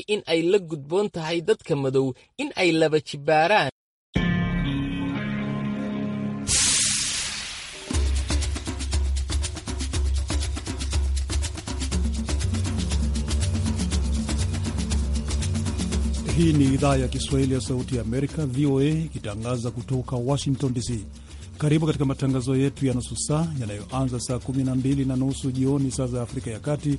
in ay la gudboon tahay dadka madow in ay laba jibaaraan Hii ni idhaa ya Kiswahili ya Sauti ya Amerika, VOA, ikitangaza kutoka Washington DC. Karibu katika matangazo yetu ya nusu saa yanayoanza saa 12 na nusu jioni saa za Afrika ya Kati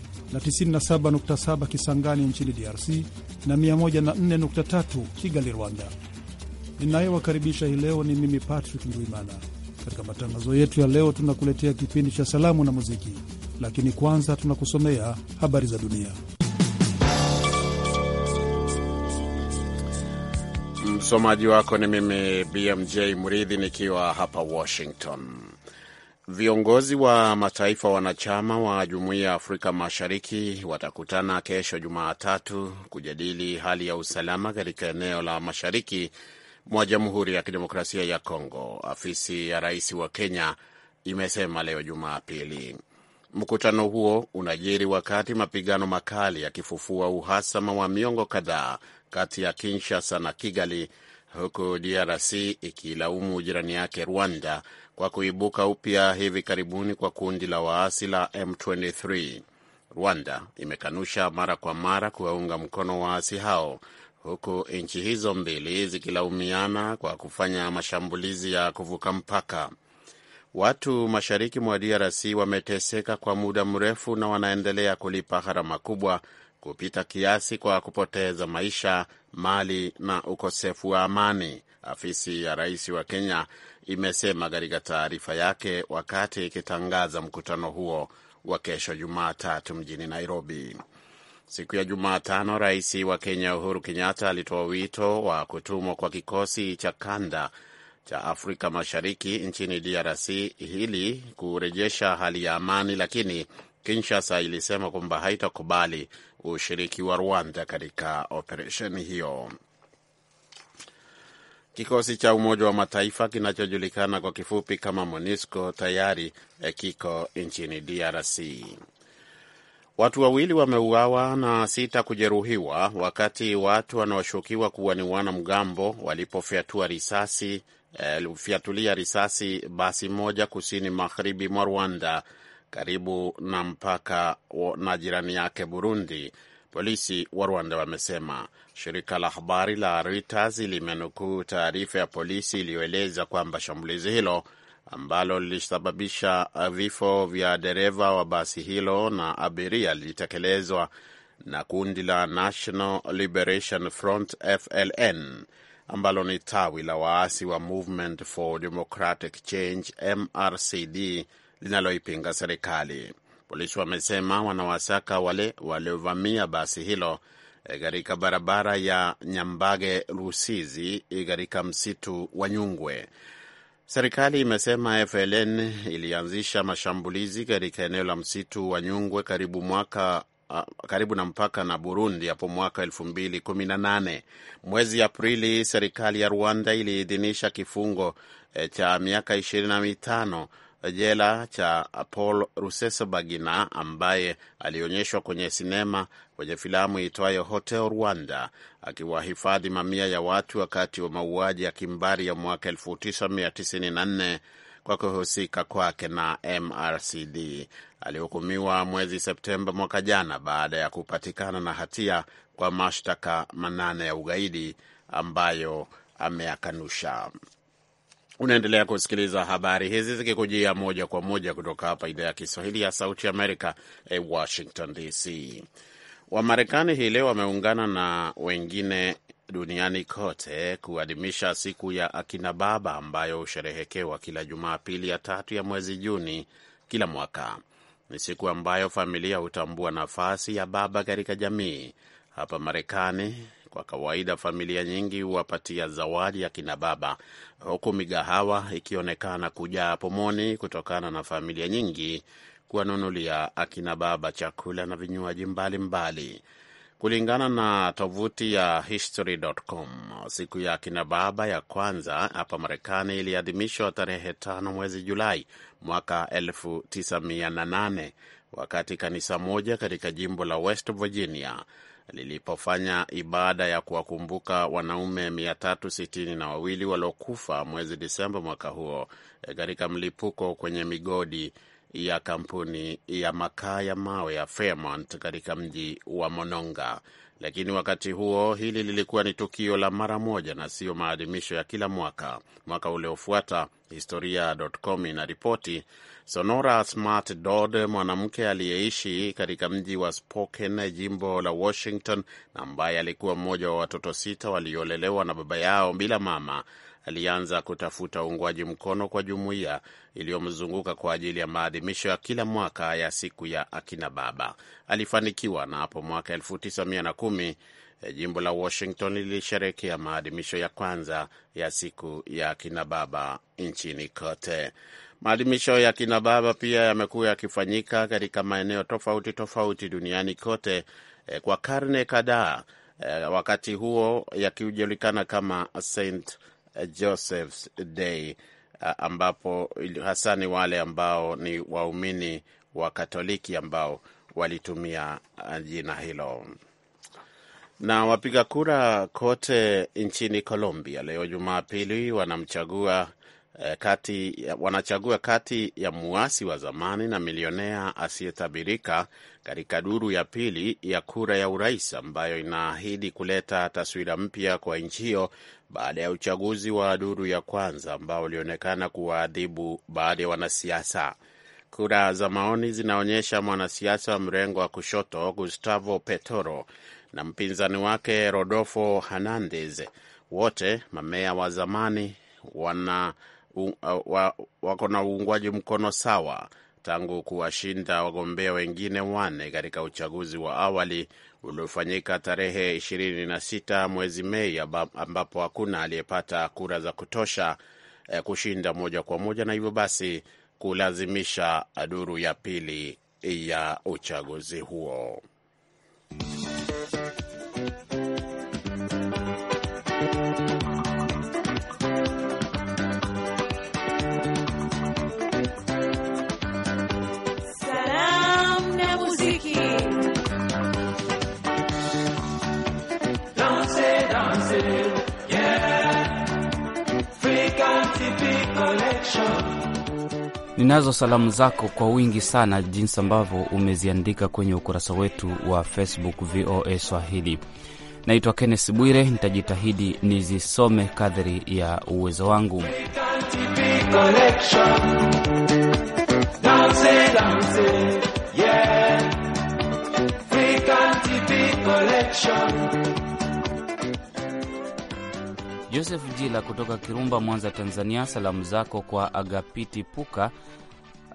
na 97.7 Kisangani nchini DRC na 104.3 Kigali, Rwanda. Ninayowakaribisha hii leo ni mimi Patrick Ndwimana. Katika matangazo yetu ya leo, tunakuletea kipindi cha salamu na muziki, lakini kwanza tunakusomea habari za dunia. Msomaji wako ni mimi BMJ Mridhi nikiwa hapa Washington. Viongozi wa mataifa wanachama wa Jumuiya ya Afrika Mashariki watakutana kesho Jumatatu kujadili hali ya usalama katika eneo la mashariki mwa Jamhuri ya Kidemokrasia ya Kongo, afisi ya rais wa Kenya imesema leo Jumapili. Mkutano huo unajiri wakati mapigano makali yakifufua uhasama wa miongo kadhaa kati ya Kinshasa na Kigali, huku DRC ikilaumu jirani yake Rwanda kwa kuibuka upya hivi karibuni kwa kundi la waasi la M23. Rwanda imekanusha mara kwa mara kuwaunga mkono waasi hao huku nchi hizo mbili zikilaumiana kwa kufanya mashambulizi ya kuvuka mpaka. Watu mashariki mwa DRC wameteseka kwa muda mrefu na wanaendelea kulipa gharama kubwa kupita kiasi kwa kupoteza maisha, mali na ukosefu wa amani, afisi ya rais wa Kenya imesema katika taarifa yake wakati ikitangaza mkutano huo wa kesho Jumatatu mjini Nairobi. Siku ya Jumatano, rais wa Kenya Uhuru Kenyatta alitoa wito wa kutumwa kwa kikosi cha kanda cha Afrika Mashariki nchini DRC ili kurejesha hali ya amani, lakini Kinshasa ilisema kwamba haitakubali ushiriki wa Rwanda katika operesheni hiyo. Kikosi cha Umoja wa Mataifa kinachojulikana kwa kifupi kama MONUSCO tayari eh, kiko nchini DRC. Watu wawili wameuawa na sita kujeruhiwa wakati watu wanaoshukiwa kuwa ni wanamgambo walipofyatulia risasi, eh, risasi basi moja kusini magharibi mwa Rwanda karibu na mpaka na jirani yake Burundi, polisi wa Rwanda wamesema. Shirika la habari la Reuters limenukuu taarifa ya polisi iliyoeleza kwamba shambulizi hilo ambalo lilisababisha uh, vifo vya dereva wa basi hilo na abiria lilitekelezwa na kundi la National Liberation Front FLN ambalo ni tawi la waasi wa Movement for Democratic Change MRCD linaloipinga serikali. Polisi wamesema wanawasaka wale waliovamia basi hilo eh, katika barabara ya Nyambage Rusizi eh, katika msitu wa Nyungwe. Serikali imesema FLN ilianzisha mashambulizi katika eneo la msitu wa Nyungwe karibu mwaka ah, karibu na mpaka na Burundi hapo mwaka 2018. Mwezi Aprili, serikali ya Rwanda iliidhinisha kifungo eh, cha miaka mitano jela cha Paul Rusesabagina ambaye alionyeshwa kwenye sinema kwenye filamu iitwayo Hotel Rwanda akiwahifadhi mamia ya watu wakati wa mauaji ya kimbari ya mwaka 1994 kwa kuhusika kwake na MRCD. Alihukumiwa mwezi Septemba mwaka jana baada ya kupatikana na hatia kwa mashtaka manane ya ugaidi ambayo ameakanusha Unaendelea kusikiliza habari hizi zikikujia moja kwa moja kutoka hapa idhaa ya Kiswahili ya Sauti Amerika, eh, Washington DC. Wamarekani hii leo wameungana na wengine duniani kote kuadhimisha siku ya akina baba ambayo husherehekewa kila Jumapili ya tatu ya mwezi Juni kila mwaka. Ni siku ambayo familia hutambua nafasi ya baba katika jamii. Hapa Marekani kwa kawaida familia nyingi huwapatia zawadi ya kina baba, huku migahawa ikionekana kujaa pomoni kutokana na familia nyingi kuwanunulia akina baba chakula na vinywaji mbalimbali. Kulingana na tovuti ya history.com, siku ya akina baba ya kwanza hapa Marekani iliadhimishwa tarehe tano mwezi Julai mwaka 1908 wakati kanisa moja katika jimbo la West Virginia lilipofanya ibada ya kuwakumbuka wanaume mia tatu sitini na wawili waliokufa mwezi Disemba mwaka huo eh, katika mlipuko kwenye migodi ya kampuni ya makaa ya mawe ya Fairmont katika mji wa Mononga. Lakini wakati huo hili lilikuwa ni tukio la mara moja na siyo maadhimisho ya kila mwaka. Mwaka uliofuata, historia.com inaripoti Sonora Smart Dodd, mwanamke aliyeishi katika mji wa Spokane, jimbo la Washington, na ambaye alikuwa mmoja wa watoto sita waliolelewa na baba yao bila mama, alianza kutafuta uungwaji mkono kwa jumuiya iliyomzunguka kwa ajili ya maadhimisho ya kila mwaka ya siku ya akina baba. Alifanikiwa, na hapo mwaka 1910 e, jimbo la Washington lilisherekea maadhimisho ya kwanza ya siku ya akina baba nchini kote. Maadhimisho ya kina baba pia yamekuwa yakifanyika katika maeneo tofauti tofauti duniani kote e, kwa karne kadhaa, e, wakati huo yakijulikana kama Saint Eh, Joseph's Day, eh, ambapo hasa ni wale ambao ni waumini wa Katoliki ambao walitumia eh, jina hilo. Na wapiga kura kote nchini Colombia leo Jumapili wanamchagua Eh, kati, wanachagua kati ya muasi wa zamani na milionea asiyetabirika katika duru ya pili ya kura ya urais ambayo inaahidi kuleta taswira mpya kwa nchi hiyo baada ya uchaguzi wa duru ya kwanza ambao ulionekana kuwaadhibu baadhi ya wanasiasa. Kura za maoni zinaonyesha mwanasiasa wa mrengo wa kushoto Gustavo petoro na mpinzani wake Rodolfo Hernandez, wote mamea wa zamani wana wako na uungwaji mkono sawa tangu kuwashinda wagombea wengine wanne katika uchaguzi wa awali uliofanyika tarehe 26 mwezi Mei, ambapo hakuna aliyepata kura za kutosha e, kushinda moja kwa moja na hivyo basi kulazimisha duru ya pili ya uchaguzi huo. ninazo salamu zako kwa wingi sana, jinsi ambavyo umeziandika kwenye ukurasa wetu wa Facebook VOA Swahili. Naitwa Kennes Bwire, nitajitahidi nizisome kadri ya uwezo wangu. Joseph Jila kutoka Kirumba, Mwanza, Tanzania, salamu zako kwa Agapiti Puka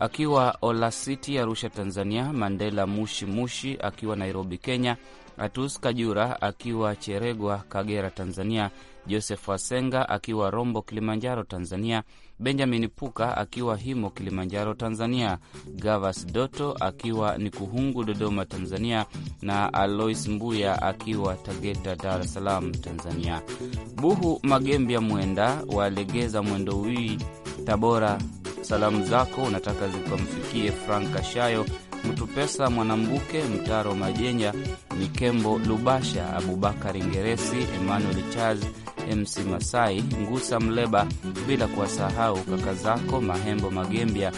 akiwa Olasiti, Arusha, Tanzania; Mandela Mushi Mushi akiwa Nairobi, Kenya; Atus Kajura akiwa Cheregwa, Kagera, Tanzania; Joseph Wasenga akiwa Rombo, Kilimanjaro, Tanzania; Benjamin Puka akiwa Himo, Kilimanjaro, Tanzania; Gavas Doto akiwa Nikuhungu, Dodoma, Tanzania, na Alois Mbuya akiwa Tageta, Dar es Salaam, Tanzania. Buhu Magembya Mwenda walegeza mwendo wii Tabora. Salamu zako unataka zikamfikie Frank Kashayo, Mtupesa Mwanambuke, Mtaro Majenya, Mikembo Lubasha, Abubakari Ngeresi, Emmanuel Charles, MC Masai, Ngusa Mleba, bila kuwasahau kaka zako Mahembo magembya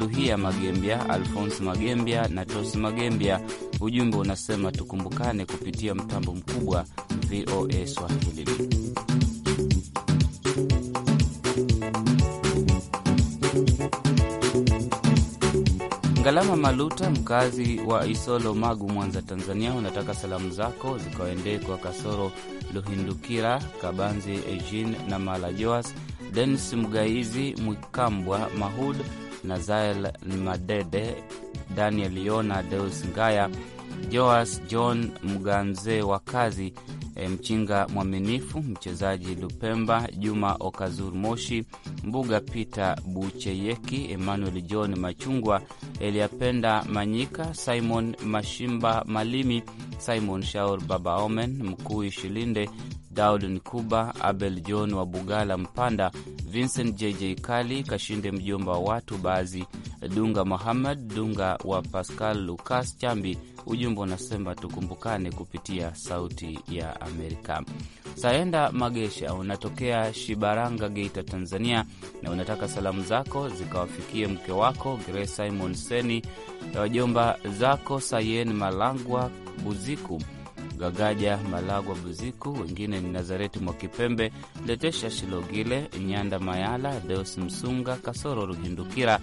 Luhia magembya Alfonsi magembya na Tosi magembya Ujumbe unasema tukumbukane kupitia mtambo mkubwa VOA Swahili. Ngalama Maluta, mkazi wa Isolo, Magu, Mwanza, Tanzania, unataka salamu zako zikawaendee kwa Kasoro Luhindukira, Kabanzi Ejin na Mala Joas, Denis Mgaizi, Mwikambwa Mahud, Nazael Madede, Daniel Yona, Deus Ngaya, Joas John Mganze wa kazi e, Mchinga Mwaminifu, mchezaji Lupemba Juma Okazur Moshi, Mbuga Peter Bucheyeki, Emmanuel John Machungwa, Eliapenda Manyika, Simon Mashimba Malimi, Simon Shaur Baba Omen, Mkuu Shilinde Daud Nkuba, Abel John wa Bugala Mpanda, Vincent JJ Kali Kashinde, mjomba wa watu Baazi Dunga, Muhammad Dunga wa Pascal Lucas Chambi. Ujumbe unasema tukumbukane kupitia Sauti ya Amerika. Saenda Magesha, unatokea Shibaranga, Geita, Tanzania, na unataka salamu zako zikawafikie mke wako Grace Simon Seni, wajomba zako Sayen Malangwa Buziku Gagaja Malagwa Buziku, wengine ni Nazareti Mwakipembe, Letesha Shilogile, Nyanda Mayala, Deus Msunga, Kasoro Ruhindukira,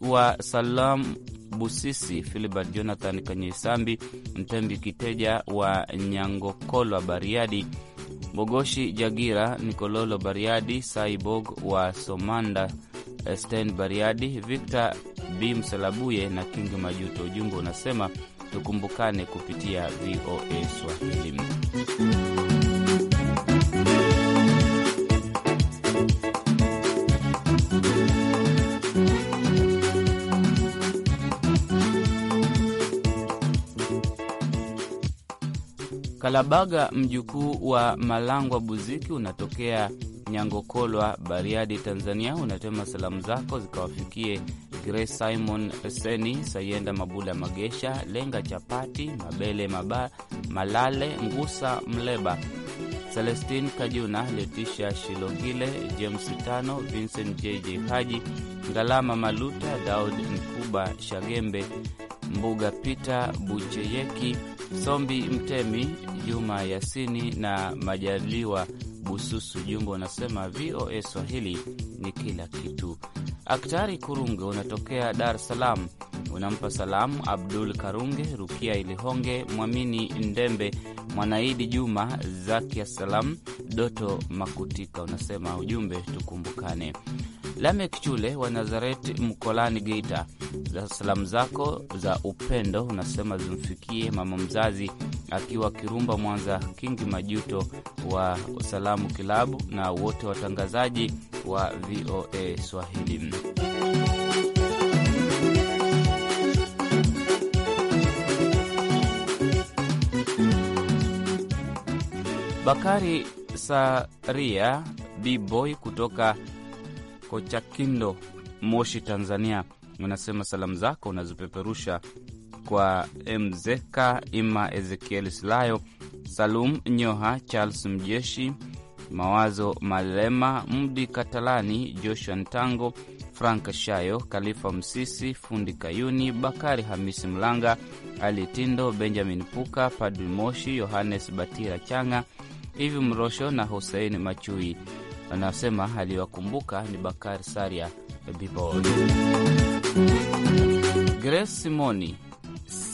wa Salam Busisi, Filibert Jonathan kanyeisambi Mtembi Kiteja wa Nyangokolwa Bariadi, Bogoshi Jagira Nikololo Bariadi, Saibog wa Somanda Sten Bariadi, Victor B Msalabuye na king Majuto. Ujumbe unasema tukumbukane kupitia VOA Swahili. Kalabaga mjukuu wa Malangwa Buziki unatokea Nyangokolwa, Bariadi, Tanzania, unatema salamu zako zikawafikie Grace Simon Seni, Sayenda Mabula, Magesha Lenga, Chapati Mabele, Maba, Malale Ngusa, Mleba Celestin Kajuna, Letisha Shilogile, James Tano, Vincent JJ Haji, Ngalama Maluta, Daud Mkuba, Shagembe Mbuga, Peter Bucheyeki, Sombi Mtemi, Juma Yasini na Majaliwa Bususu ujumbe unasema VOA Swahili ni kila kitu. Aktari Kurunge unatokea Dar es Salaam, unampa salamu Abdul Karunge, Rukia Ilihonge, Mwamini Ndembe, Mwanaidi Juma, Zakia Salam, Doto Makutika. Unasema ujumbe tukumbukane. Lamek Chule wa Nazareti Mkolani Geita, za salamu zako za upendo unasema zimfikie mama mzazi akiwa Kirumba Mwanza, Kingi Majuto wa Salamu Kilabu na wote watangazaji wa VOA Swahili. Bakari Saria B-boy kutoka Kochakindo, Moshi, Tanzania, unasema salamu zako unazipeperusha kwa Mzeka Ima Ezekiel Silayo, Salum Nyoha, Charles Mjeshi, Mawazo Malema, Mdi Katalani, Joshua Ntango, Frank Shayo, kalifa Msisi, Fundi Kayuni, Bakari Hamisi Mlanga, Ali Tindo, Benjamin Puka, Padri Moshi, Yohanes Batira Changa, Hivi Mrosho na Husein Machui. Anasema aliyowakumbuka ni Bakari Saria Bibol. Grace Simoni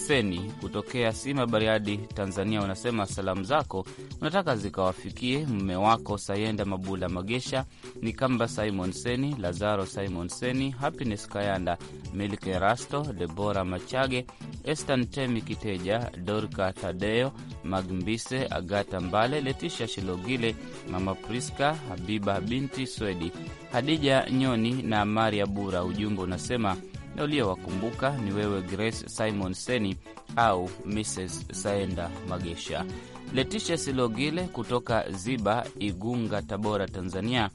Seni kutokea Sima Bariadi, Tanzania, unasema salamu zako unataka zikawafikie mme wako Sayenda Mabula Magesha, ni Kamba Simon Seni, Lazaro Simon Seni, Happiness Kayanda, milke rasto Debora Machage, Estan Temi Kiteja, Dorka Tadeo Magmbise, Agata Mbale, Letisha Shilogile, Mama Priska, Habiba binti Swedi, Hadija Nyoni na Maria Bura. Ujumbe unasema na uliowakumbuka ni wewe Grace Simon Seni au Mrs Saenda Magesha. Letisha Silogile kutoka Ziba, Igunga, Tabora, Tanzania,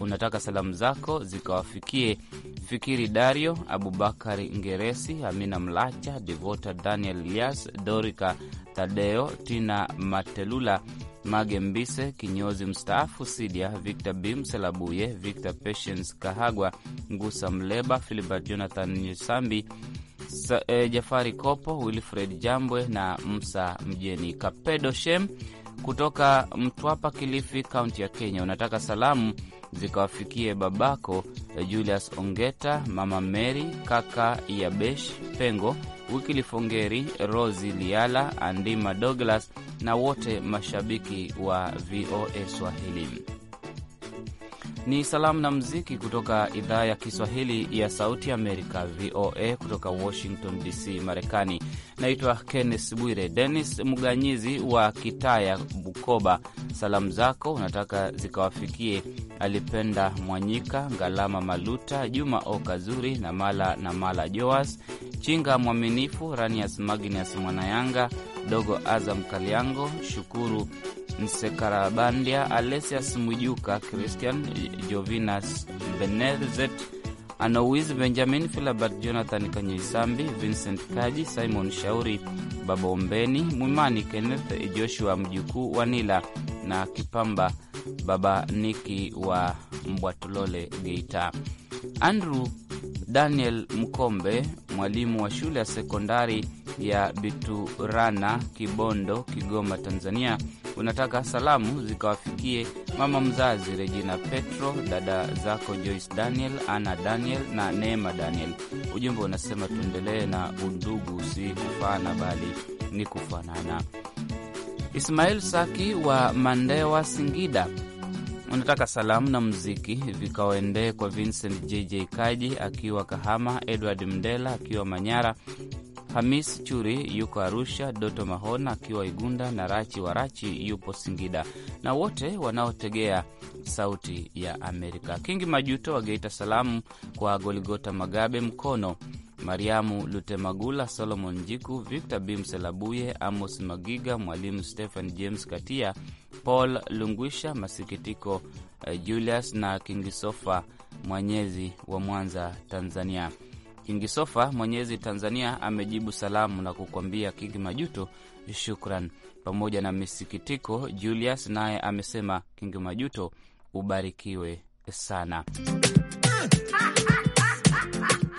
unataka salamu zako zikawafikie Fikiri Dario, Abubakari Ngeresi, Amina Mlacha, Devota Daniel Elias, Dorika Tadeo, Tina Matelula Mage Mbise kinyozi mstaafu, Sidia Victor Bimselabuye, Victor Patience Kahagwa, Ngusa Mleba, filibert Jonathan Nyesambi, Sa, eh, Jafari Kopo, Wilfred Jambwe na Msa Mjeni Kapedo Shem kutoka Mtwapa, Kilifi, kaunti ya Kenya. Unataka salamu zikawafikie babako Julius Ongeta, Mama Mary, Kaka Yabesh Pengo, wikilifongeri Rosi Liala, Andima Douglas na wote mashabiki wa VOA Swahili ni salamu na mziki kutoka idhaa ya Kiswahili ya Sauti Amerika, VOA kutoka Washington DC, Marekani. Naitwa Kenneth Bwire. Denis Mganyizi wa Kitaya, Bukoba, salamu zako unataka zikawafikie Alipenda Mwanyika, Ngalama Maluta, Juma Okazuri na Mala na Mala Joas Chinga Mwaminifu, Ranias magnus Mwanayanga, Dogo Azam Kaliango, Shukuru Nsekarabandia, Alesias Mwijuka, Christian Jovinas, Benezet Anauizi, Benjamin Filabert, Jonathan Kanyeisambi, Vincent Kaji, Simon Shauri, Baba Ombeni, Mwimani Kenneth, Joshua mjukuu wa Nila na Kipamba, Baba Niki wa Mbwatulole Geita, Andrew Daniel Mkombe, mwalimu wa shule ya sekondari ya Biturana, Kibondo, Kigoma, Tanzania unataka salamu zikawafikie mama mzazi Regina Petro, dada zako Joyce Daniel, Ana Daniel na Neema Daniel. Ujumbe unasema tuendelee na undugu, si kufana bali ni kufanana. Ismail Saki wa Mandewa, Singida, unataka salamu na mziki vikawaendee kwa Vincent JJ Kaji akiwa Kahama, Edward Mdela akiwa Manyara, Hamis Churi yuko Arusha, Doto Mahona akiwa Igunda na Rachi Warachi yupo Singida, na wote wanaotegea Sauti ya Amerika. Kingi Majuto wa Geita, salamu kwa Goligota Magabe Mkono, Mariamu Lutemagula, Solomon Jiku, Victor Bimselabuye, Amos Magiga, Mwalimu Stephen James Katia, Paul Lungwisha, Masikitiko eh, Julius na Kingisofa Mwanyezi wa Mwanza, Tanzania. Ingisofa Mwenyezi Tanzania amejibu salamu na kukwambia Kingi Majuto shukran, pamoja na misikitiko. Julius naye amesema Kingi Majuto ubarikiwe sana.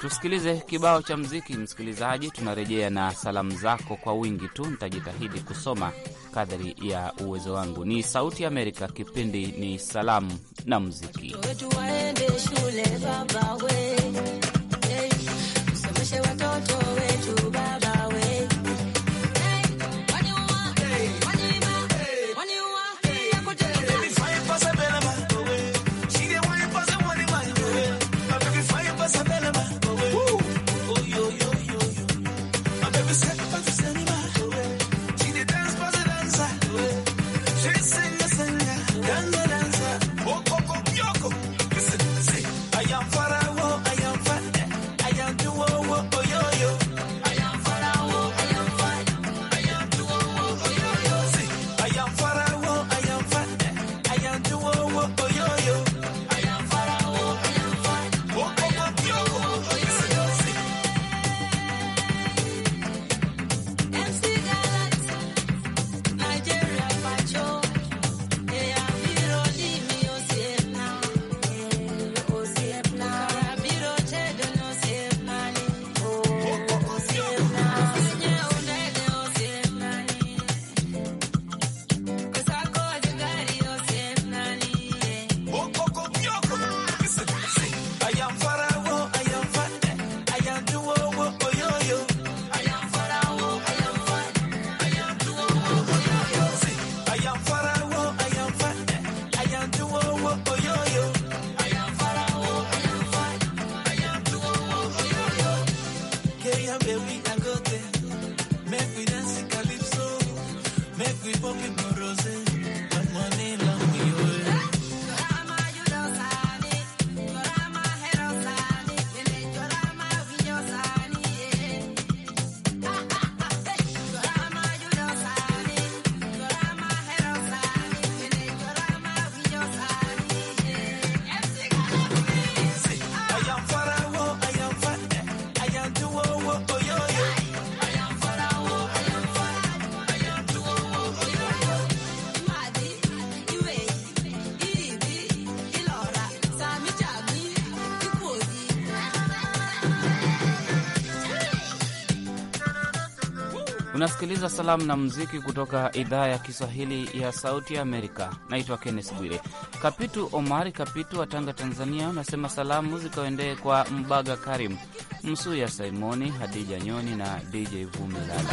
Tusikilize kibao cha mziki, msikilizaji, tunarejea na salamu zako kwa wingi tu, nitajitahidi kusoma kadri ya uwezo wangu. Ni Sauti Amerika, kipindi ni Salamu na mziki tuwapashe watoto wetu unasikiliza salamu na mziki kutoka idhaa ya Kiswahili ya Sauti ya Amerika. Naitwa Kennes Bwire. Kapitu Omari Kapitu wa Tanga, Tanzania, unasema salamu zikaendee kwa Mbaga Karim, Msuya Saimoni, Hadija Nyoni na DJ Vumilala.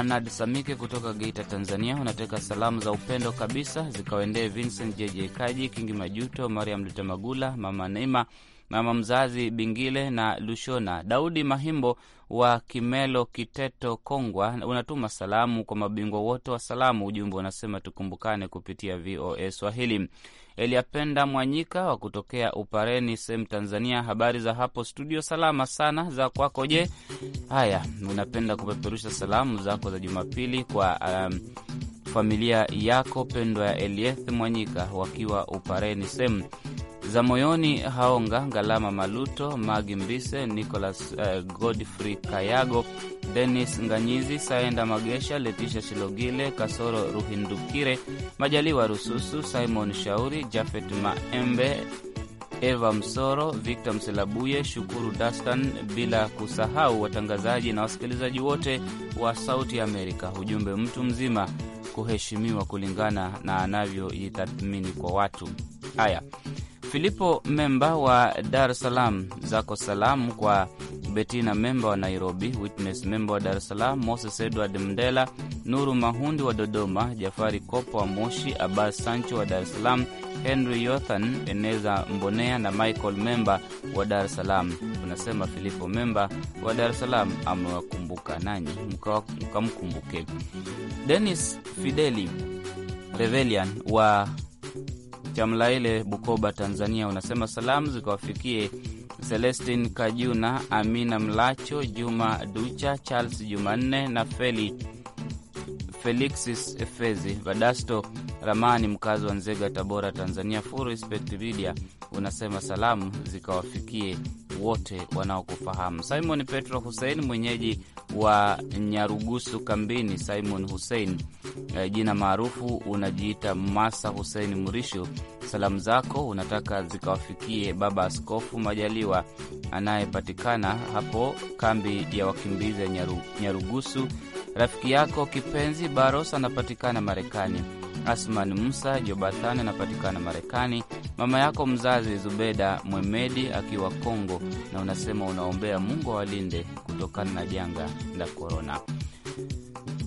Bernard Samike kutoka Geita, Tanzania, unateka salamu za upendo kabisa zikawaendee Vincent JJ Kaji, Kingi Majuto, Mariam Lutemagula, Mama Neima, mama mzazi Bingile na Lushona. Daudi Mahimbo wa Kimelo, Kiteto, Kongwa, unatuma salamu kwa mabingwa wote wa salamu. Ujumbe unasema tukumbukane kupitia VOA Swahili. Eliapenda Mwanyika wa kutokea Upareni sehemu Tanzania. Habari za hapo studio? Salama sana, za kwako je? Haya, unapenda kupeperusha salamu zako za Jumapili kwa um, familia yako pendwa ya Elieth Mwanyika wakiwa Upareni sehemu za moyoni Haonga Ngalama Maluto Magi Mbise Nicolas uh, Godfrey Kayago Denis Nganyizi, Saenda Magesha, Letisha Shilogile, Kasoro Ruhindukire, Majaliwa Rususu, Simon Shauri, Jafet Maembe, Eva Msoro, Victor Mselabuye, Shukuru Dastan, bila kusahau watangazaji na wasikilizaji wote wa Sauti ya Amerika. Ujumbe mtu mzima kuheshimiwa kulingana na anavyoitathmini kwa watu. Haya. Filipo Memba wa Dar es Salaam, zako salamu kwa Betina Memba wa Nairobi, Witness Memba wa Dar es Salaam, Moses Edward Mndela, Nuru Mahundi wa Dodoma, Jafari Kopo wa Moshi, Abbas Sancho wa Dar es Salaam, Henry Yothan, Eneza Mbonea na Michael Memba wa Dar es Salaam. Unasema Filipo Memba wa Dar es Salaam amewakumbuka, nanyi mkamkumbuke. Denis Fideli Revelian wa Chamlaile, Bukoba, Tanzania, unasema salamu zikawafikie Celestin Kajuna, Amina Mlacho, Juma Ducha, Charles Jumanne na Feli Felixis Efezi Vadasto Ramani, mkazi wa Nzega, Tabora, Tanzania. Full respect media unasema salamu zikawafikie wote wanaokufahamu. Simon Petro Hussein, mwenyeji wa Nyarugusu Kambini. Simon Hussein, eh, jina maarufu, unajiita Masa Hussein Murisho. Salamu zako unataka zikawafikie Baba Askofu Majaliwa anayepatikana hapo kambi ya wakimbizi ya Nyarugusu. Rafiki yako kipenzi Baros anapatikana Marekani. Asman Musa Jobathan anapatikana Marekani, mama yako mzazi Zubeda Mwemedi akiwa Kongo, na unasema unaombea Mungu awalinde kutokana na janga la korona.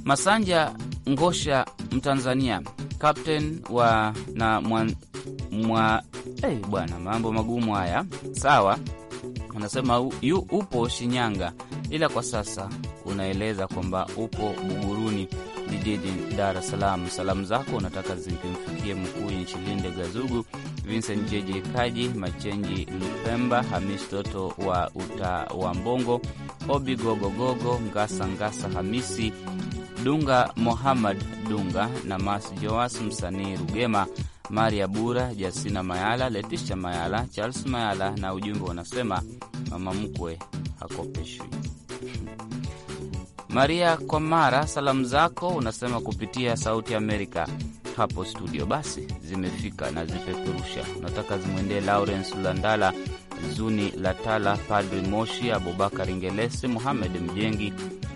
Masanja Ngosha Mtanzania, kapten wa na mwa, mwa eh, hey, bwana mambo magumu haya. Sawa, unasema yu upo Shinyanga ila kwa sasa unaeleza kwamba upo Buguruni jijini Dar es Salaam. Salamu zako unataka zikimfikie mkuu Nchilinde Gazugu, Vincent Jeje Kaji, Machenji Lupemba, Hamis Toto wa Uta wa Mbongo, Obi Gogogogo, Ngasa Ngasa Hamisi Dunga, Mohamad Dunga na Mas Joas, msanii Rugema, Maria Bura, Jasina Mayala, Letisha Mayala, Charles Mayala, na ujumbe unasema mama mkwe hakopeshwi. Maria kwa mara salamu zako unasema kupitia Sauti Amerika hapo studio, basi zimefika na zipeperusha. Unataka zimwendee Lawrence Ulandala, Zuni Latala, Padri Moshi, Abubakar Ingelesi, Muhamed Mjengi,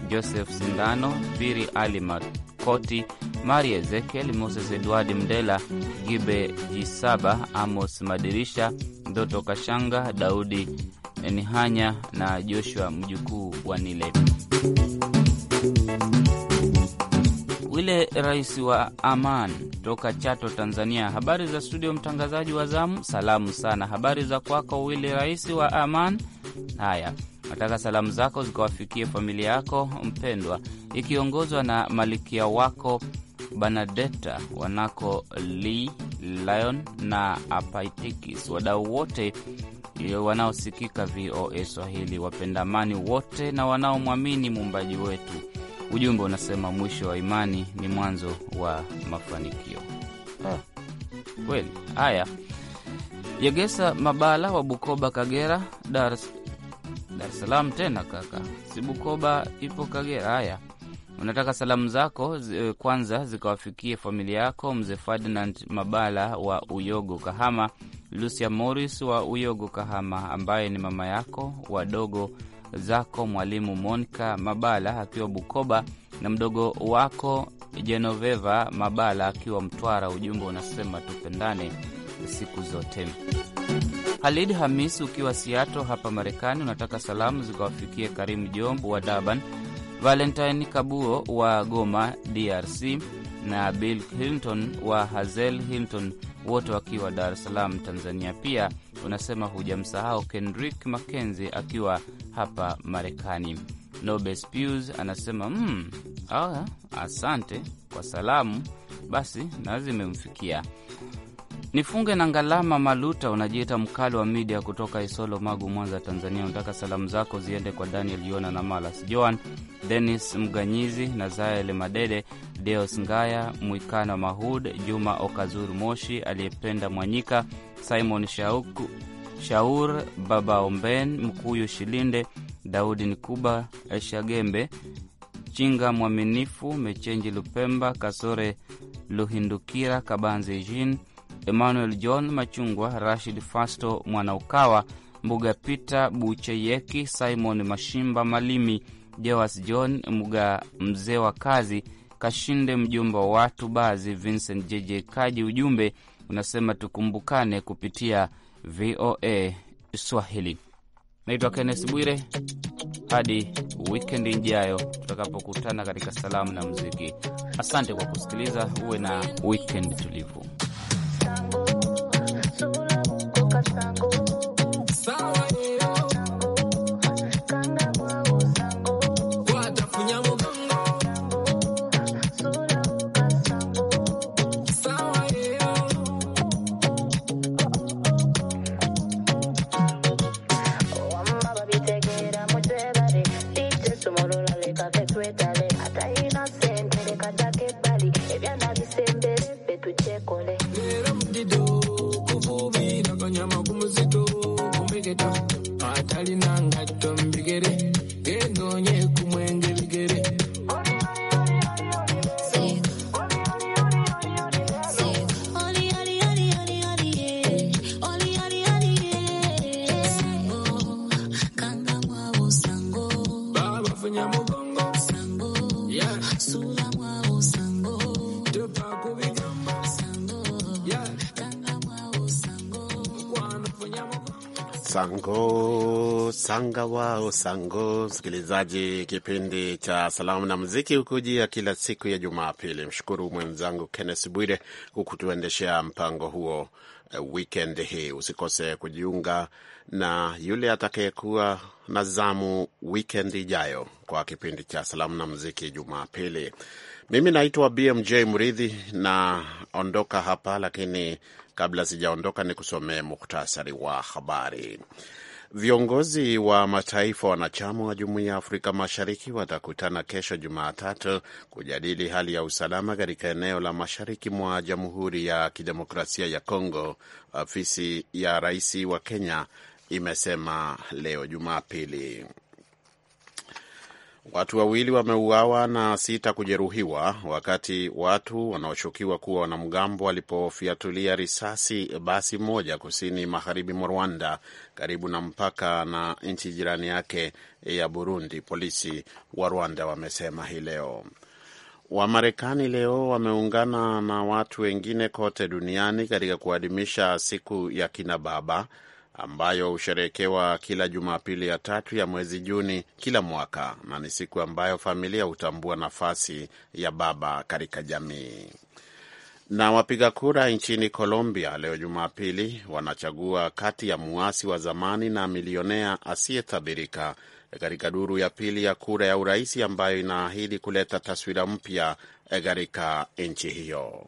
Joseph Sindano, Biri Ali Makoti, Mari Ezekiel, Moses edwardi Mdela, Gibe Jisaba, Amos Madirisha, Ndoto Kashanga, Daudi Nihanya na Joshua mjukuu wa Nile. Mile rais wa Aman toka Chato, Tanzania. Habari za studio, mtangazaji wa zamu. Salamu sana, habari za kwako wili rais wa Aman. Haya, nataka salamu zako zikawafikie familia yako mpendwa, ikiongozwa na malikia wako Banadeta, wanako Lee Lion na Apaitikis, wadau wote eh, wanaosikika VOA Swahili, wapendamani wote na wanaomwamini muumbaji wetu Ujumbe unasema mwisho wa imani ni mwanzo wa mafanikio. Kweli haya. Yegesa Mabala wa Bukoba, Kagera, Dar es Salaam. Tena kaka, si Bukoba ipo Kagera. Haya, unataka salamu zako eh, kwanza zikawafikie familia yako mzee Ferdinand Mabala wa Uyogo Kahama, Lucia Morris wa Uyogo Kahama ambaye ni mama yako wadogo zako mwalimu Monica Mabala akiwa Bukoba na mdogo wako jenoveva Mabala akiwa Mtwara. Ujumbe unasema tupendane siku zote. Halid Hamis ukiwa Siato hapa Marekani, unataka salamu zikawafikie Karimu Jombu wa Daban, Valentine Kabuo wa Goma DRC, na Bill Hilton wa Hazel Hilton, wote wakiwa Dar es Salaam, Tanzania. Pia unasema hujamsahau Kendrick Mackenzie akiwa hapa Marekani. Nobes Pius anasema mm, ah, asante kwa salamu, basi na zimemfikia. Nifunge na Ngalama Maluta, unajiita mkali wa midia kutoka Isolo, Magu, Mwanza, Tanzania. Unataka salamu zako ziende kwa Daniel Yona na Malas Joan, Denis Mganyizi na Zael Madede, Deus Ngaya, Mwikana Mahud, Juma Okazuru Moshi, aliyependa Mwanyika, Simon Shauku, Shaur Baba Omben, Mkuyu Shilinde, Daudi Nkuba, eshagembe Chinga Mwaminifu, Mechenji Lupemba, Kasore Luhindukira, Kabanze Jin, Emmanuel John Machungwa, Rashid Fasto Mwanaukawa, Mbuga Peter Bucheyeki, Simon Mashimba Malimi, Jewas John Mga, mzee wa kazi Kashinde, mjumbe wa watu Bazi Vincent JJ Kaji. Ujumbe unasema tukumbukane kupitia VOA Swahili. Naitwa Kennes Bwire, hadi wikendi ijayo tutakapokutana katika salamu na muziki. Asante kwa kusikiliza, uwe na wikendi tulivu. Sango sanga wao sango. Msikilizaji, kipindi cha salamu na muziki hukujia kila siku ya Jumapili. Mshukuru mwenzangu Kenneth Bwire hukutuendeshea mpango huo eh, weekend hii. Usikose kujiunga na yule atakayekuwa na zamu weekend ijayo kwa kipindi cha salamu na muziki Jumapili. Mimi naitwa BMJ Mridhi, naondoka hapa lakini Kabla sijaondoka, ni kusomee muhtasari wa habari. Viongozi wa mataifa wanachama wa jumuiya ya Afrika Mashariki watakutana kesho Jumatatu kujadili hali ya usalama katika eneo la mashariki mwa Jamhuri ya Kidemokrasia ya Kongo, ofisi ya rais wa Kenya imesema leo Jumapili. Watu wawili wameuawa na sita kujeruhiwa wakati watu wanaoshukiwa kuwa wanamgambo walipofiatulia risasi basi moja kusini magharibi mwa Rwanda karibu na mpaka na nchi jirani yake ya Burundi. Polisi wa Rwanda wamesema hii leo. Wamarekani leo wameungana na watu wengine kote duniani katika kuadhimisha siku ya kina baba ambayo husherehekewa kila Jumapili ya tatu ya mwezi Juni kila mwaka, na ni siku ambayo familia hutambua nafasi ya baba katika jamii. Na wapiga kura nchini Colombia leo Jumapili wanachagua kati ya muasi wa zamani na milionea asiyetabirika katika duru ya pili ya kura ya urais ambayo inaahidi kuleta taswira mpya katika nchi hiyo.